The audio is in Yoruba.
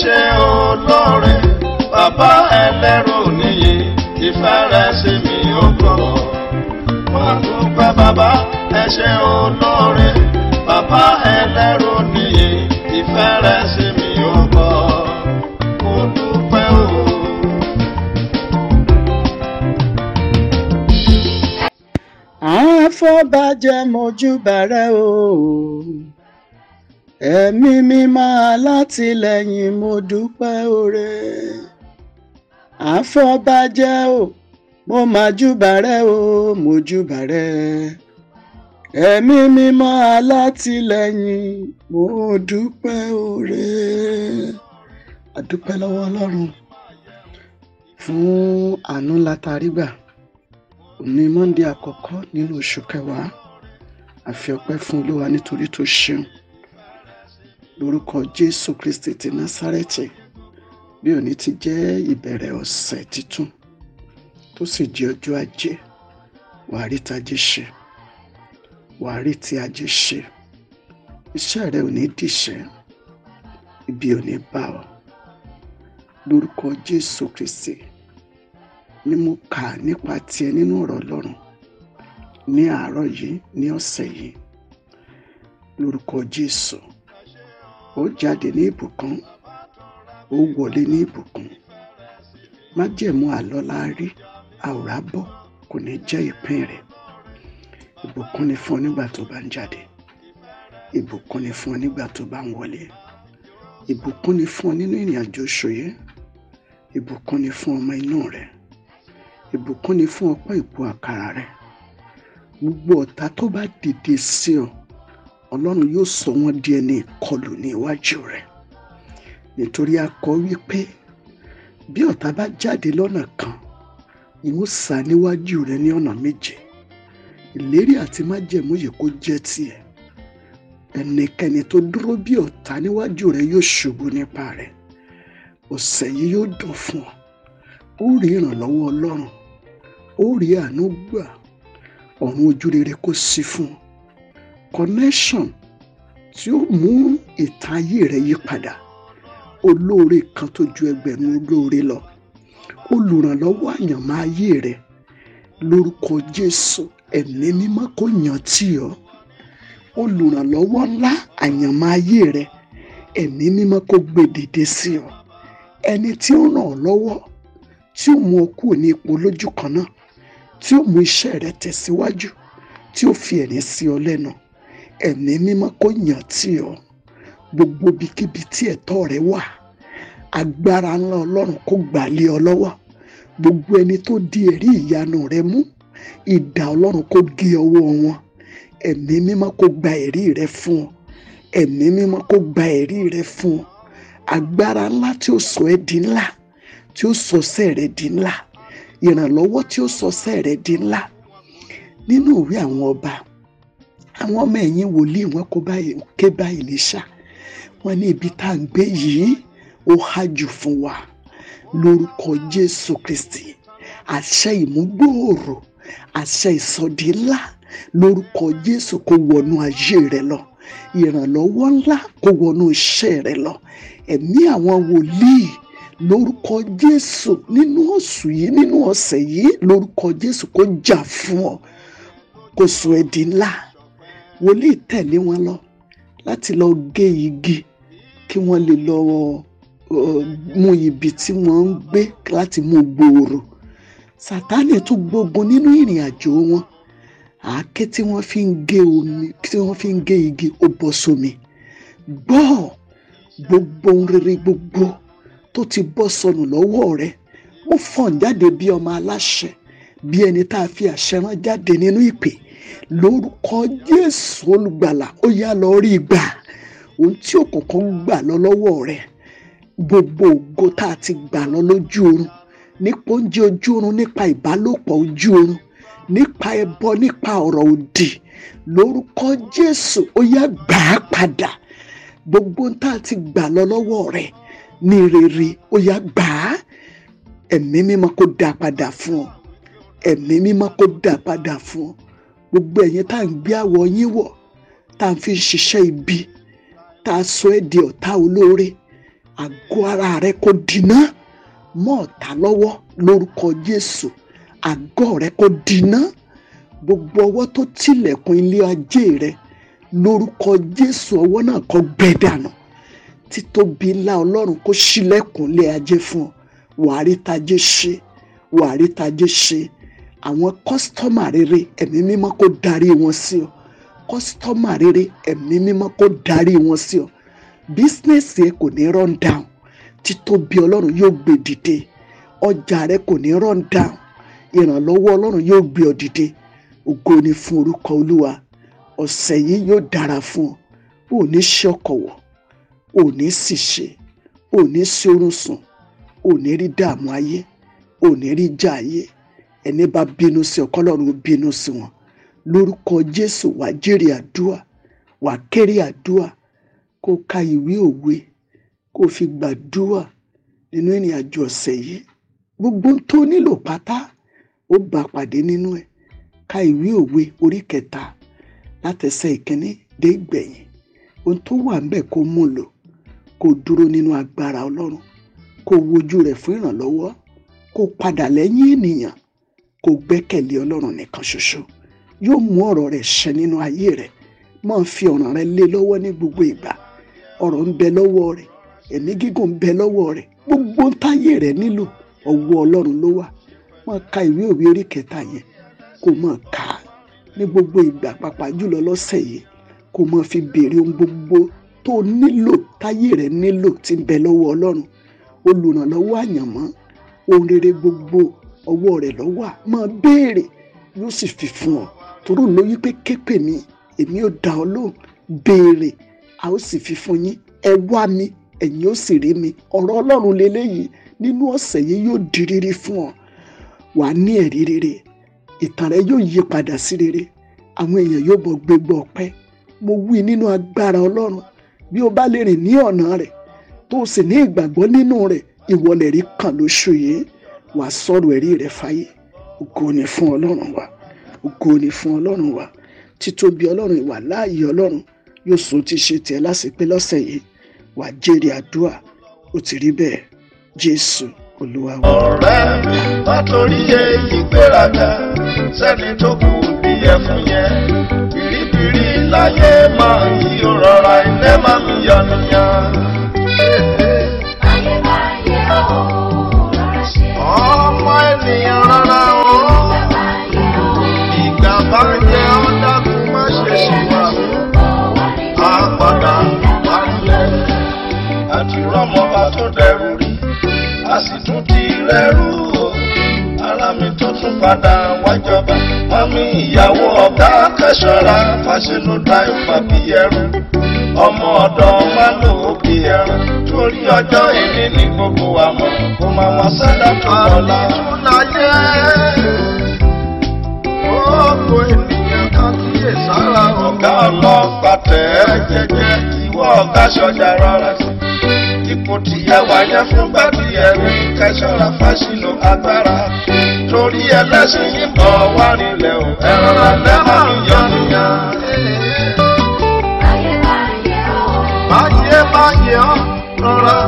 ṣe olóore bàbá ẹlẹ́rù níyì ìfẹ́ rẹ̀ ṣe mí ó bàbá ẹ ṣe olóore bàbá ẹlẹ́rù níyì ìfẹ́ rẹ̀ ṣe mí ó gbọ́. mo dúpẹ́ o ẹ̀mí mímọ́ alátìlẹ́yìn mo dúpẹ́ oore àfọ̀bàjẹ́ o mo máa júbà rẹ o mo júbà rẹ ẹ̀mí mímọ́ alátìlẹ́yìn mo dúpẹ́ oore àdúpẹ́ lọ́wọ́ ọlọ́run fún àánú látàrígbà òní monde àkọ́kọ́ nínú oṣù kẹwàá àfi ọpẹ́ fún olúwa nítorí tó ṣeun lórúkọ jésù kristi ti násárẹ́tì bí òní ti jẹ́ ìbẹ̀rẹ̀ ọ̀sẹ̀ titun tó sì jẹ́ ọjọ́ ajé wàá rí tajé ṣe wàá rí ti ajé ṣe iṣẹ́ rẹ ò ní ibi ò bá ọ lórúkọ jésù kristi ni mo kà nípa tiẹ̀ nínú ọ̀rọ̀ ọlọ́run ní àárọ̀ yìí ní ọ̀sẹ̀ yìí lórúkọ jésù. ó jáde ní ìbùkún ó wọlé ní ìbùkún májẹ̀mú àlọ́lá rí àwòrán bọ̀ kò ní jẹ́ ìpín rẹ̀ ìbùkún ni fún ọ nígbà tó bá ń jáde ìbùkún ni fún ọ nígbà tó bá ń wọlé ìbùkún ni fún ọ nínú ìrìn àjò ṣòye ìbùkún ni fún ọmọ inú rẹ ìbùkún ni fún ọpọ ìpò àkàrà rẹ gbogbo ọ̀tá tó bá dìde sí ọ ọlọ́run yóò sọ wọ́n di ẹni ìkọlù ní iwájú rẹ̀ nítorí a kọ wípé bí ọ̀tá bá jáde lọ́nà kan ìwọ sá níwájú rẹ̀ ní ọ̀nà méje ìlérí àti májẹ̀mú yìí kó jẹ́ tiẹ̀ ẹnikẹ́ni tó dúró bí ọ̀tá níwájú rẹ̀ yóò ṣubú nípa rẹ̀ ọ̀sẹ̀ yìí yóò dùn fún ọ ó rí ìrànlọ́wọ́ ọlọ́run ó rí àánú gbà ọ̀run ojú rere kó sí fún ọ connection tí ó mú ìtàn ayé rẹ yí padà olóore kan tó ju ẹgbẹ̀rún olóore lọ olùrànlọ́wọ́ àyànmọ́ ayé rẹ lórúkọ Jésù ẹ̀mí mímọ́ kò yàn tì ọ́ olùrànlọ́wọ́ ńlá àyànmọ́ ayé rẹ ẹ̀mí mímọ́ kò gbèdéde sí ọ ẹni tí ó ràn ọ́ lọ́wọ́ tí ó mú ọ kúrò ní ipò lójú kan náà tí ó mú iṣẹ́ rẹ tẹ̀síwájú tí ó fi ẹ̀rín sí ọ lẹ́nu ẹ̀mí mímọ́ kó yàn tì ọ́ gbogbo ibikíbi tí ẹ̀tọ́ rẹ wà agbára ńlá ọlọ́run kó gbà lé ọ lọ́wọ́ gbogbo ẹni tó di ẹ̀rí ìyanu rẹ mú idà ọlọ́run kó gé ọwọ́ wọn ẹ̀mí mímọ́ kó gba ẹ̀rí rẹ fún ọ ẹ̀mí mímọ́ kó gba ẹ̀rí rẹ fún ọ agbára ńlá tí ó sọ ẹ́ di ńlá tí ó sọ ọsẹ rẹ di ńlá ìrànlọ́wọ́ tí ó sọ ọsẹ rẹ di ńlá nínú ìwé àwọn ọba àwọn ọmọ ẹ̀yìn wòlíì wọn kó báyìí ké báyìí lè ṣá wọn ní ibi tá à ń gbé yìí ó há jù fún wa lórúkọ Jésù Kristi àṣẹ ìmúgbòòrò àṣẹ ìsọdí ńlá lórúkọ Jésù kó wọnú ayé rẹ lọ ìrànlọ́wọ́ ńlá kó wọnú iṣẹ́ rẹ lọ ẹ̀mí àwọn wòlíì lórúkọ Jésù nínú oṣù yìí nínú ọ̀sẹ̀ yìí lórúkọ Jésù kó jà fún ọ kó sọ ẹ́ di wòlíì tẹ̀lé wọn lọ láti lọ gé igi kí wọ́n lè lọ mú ibi tí wọ́n ń gbé láti mú gbòòrò sátánì tún gbógun nínú ìrìn àjò wọn àáké tí wọ́n fi ń gé omi tí wọ́n fi ń gé igi ó bọ́ sómi gbọ́ gbogbo rere gbogbo tó ti bọ́ sọnù lọ́wọ́ rẹ mo fọ̀n jáde bí ọmọ aláṣẹ bí ẹni tá a fi àṣẹ rán jáde nínú ìpè lórúkọ Jésù olùgbàlà ó yá lọ rí gbà ohun tí òkùnkùn ń gbà lọ lọ́wọ́ rẹ̀ gbogbo ògo tá a ti gbà lọ lójú oorun nípa oúnjẹ ojú oorun nípa ìbálòpọ̀ ojú oorun nípa ẹbọ nípa ọ̀rọ̀ òdì lórúkọ Jésù ó yá gbà á padà gbogbo tá a ti gbà lọ lọ́wọ́ rẹ̀ ní rere ó yá gbà á ẹ̀mí mímọ́ kó dá padà fún ọ ẹ̀mí mímọ́ kó dá padà fún ọ gbogbo ẹ̀yin tá à ń gbé àwọ̀ yín wọ̀ tá à ń fi ṣiṣẹ́ ibi tá a sọ ẹ́ di ọ̀tá olóore àgọ́ ara rẹ kò dínà mọ́ ọ̀tá lọ́wọ́ lórúkọ Jésù àgọ́ rẹ kò dínà gbogbo ọwọ́ tó tilẹ̀kùn ilé ajé rẹ lórúkọ Jésù ọwọ́ náà kó gbẹ dànù títóbi ńlá Ọlọ́run kó ṣílẹ̀kùn ilé ajé fún ọ wàá rí tajé ṣe wàá rí tajé ṣe àwọn kọ́sítọ́mà rere ẹ̀mí mímọ́ kó darí wọn sí ọ kọ́sítọ́mà rere ẹ̀mí mímọ́ kó darí wọn sí ọ bísínẹ́sì ẹ kò ní run down títóbi ọlọ́run yóò gbé dìde ọjà rẹ kò ní run down ìrànlọ́wọ́ ọlọ́run yóò gbé ọ dìde ògo ni fún orúkọ olúwa ọ̀sẹ̀ yìí yóò dára fún ọ ò ní ṣe ọkọ̀wọ̀ ò ní sì ṣe ò ní sí orun sùn ò ní rí dààmú ayé ò ní rí jà ayé ẹni bá bínú sí ọ kọ́lọ́run bínú sí wọn lórúkọ jésù wàá jèrè àdúà wàá kéré àdúà kó ka ìwé òwe kó fi gbàdúà nínú ìrìn àjò ọ̀sẹ̀ yìí gbogbo tó nílò pátá ó bá pàdé nínú ẹ̀ ka ìwé òwe orí kẹta látẹsẹ̀ ìkíní dé ìgbẹ̀yìn ohun tó wà ń bẹ̀ kó mú lò kó dúró nínú agbára ọlọ́run kó wojú rẹ̀ fún ìrànlọ́wọ́ kó padà lẹ́yìn ènìyàn kó gbẹ́kẹ̀lé ọlọ́run nìkan ṣoṣo yóò mú ọ̀rọ̀ rẹ̀ ṣẹ nínú ayé rẹ̀ máa fi ọ̀ràn rẹ̀ lé lọ́wọ́ ní gbogbo ìgbà ọ̀rọ̀ ń bẹ lọ́wọ́ rẹ̀ ẹ̀mí gígùn ń bẹ lọ́wọ́ rẹ̀ gbogbo táyé rẹ̀ nílò ọwọ́ ọlọ́run ló wà máa ka ìwé òwe orí kẹta yẹn kó máa kà á ní gbogbo ìgbà pàápàá jùlọ lọ́sẹ̀ yìí kó máa fi béèrè ohun gbogbo tó nílò táyé rẹ̀ nílò ti ń bẹ lọ́wọ́ ọlọ́run olùrànlọ́wọ́ àyànmọ́ ohun gbogbo ọwọ́ rẹ̀ ló wà máa béèrè yóò sì fi fún ọ torí ló yí mi èmi ò dá ọ lóhùn béèrè a ó sì fi fún yín ẹ wá mi ẹ̀yin ó sì rí mi ọ̀rọ̀ ọlọ́run lélẹ́yìí nínú ọ̀sẹ̀ yìí yóò di rírí fún ọ wàá ní ẹ̀rí rere ìtàn rẹ yóò yí padà sí rere àwọn èèyàn yóò bọ̀ gbégbó ọpẹ́ mo wí nínú agbára ọlọ́run bí o bá lè rìn ní ọ̀nà rẹ̀ tó o sì ní ìgbàgbọ́ nínú rẹ̀ ìwọlẹ̀ rí lóṣù yìí wàá sọ̀rọ̀ ẹ̀rí rẹ fáyé ògo ni fún ọlọ́run wa ògo ni fún ọlọ́run wa títóbi ọlọ́run ìwà láàyè ọlọ́run yóò sọ ti ṣe tiẹ̀ lásìpé lọ́sẹ̀ yìí wàá jèrè àdúrà ó ti rí bẹ́ẹ̀ jésù olúwa wa. ọ̀rẹ́ mi má torí yẹ ìgbéraga sẹ́ni tó kù bí ẹ̀fún yẹn bìrìbìrì láyé máa yí rọra ilé máa ń yanu dẹrú ara mi tó padà wájọba mami ìyàwó ọ̀gá kẹsọ̀ra fásinú dáìfà bí ẹrú ọmọ ọ̀dọ̀ má lò ó bí ẹran torí ọjọ́ ìní ní gbogbo àmọ́ kò máa wọn sẹ́dá fún ọ̀la. àtúnláyé ọ̀pọ̀ ènìyàn kan kíyè sára ọ̀gá ọlọ́pàá tẹ̀ ẹ́ jẹ́jẹ́ ìwọ ọ̀gá sọ̀jà rárá sí ipò tìyẹ wáyé fúngbà tìyẹ rìn kẹsọ́ra fásilò agbára torí ẹlẹ́sìn yìí bọ̀ wá nílẹ̀ o ẹ̀rọ lálẹ́ máa ń yọ nìyà. ayé máa yẹ ọ́ rọra.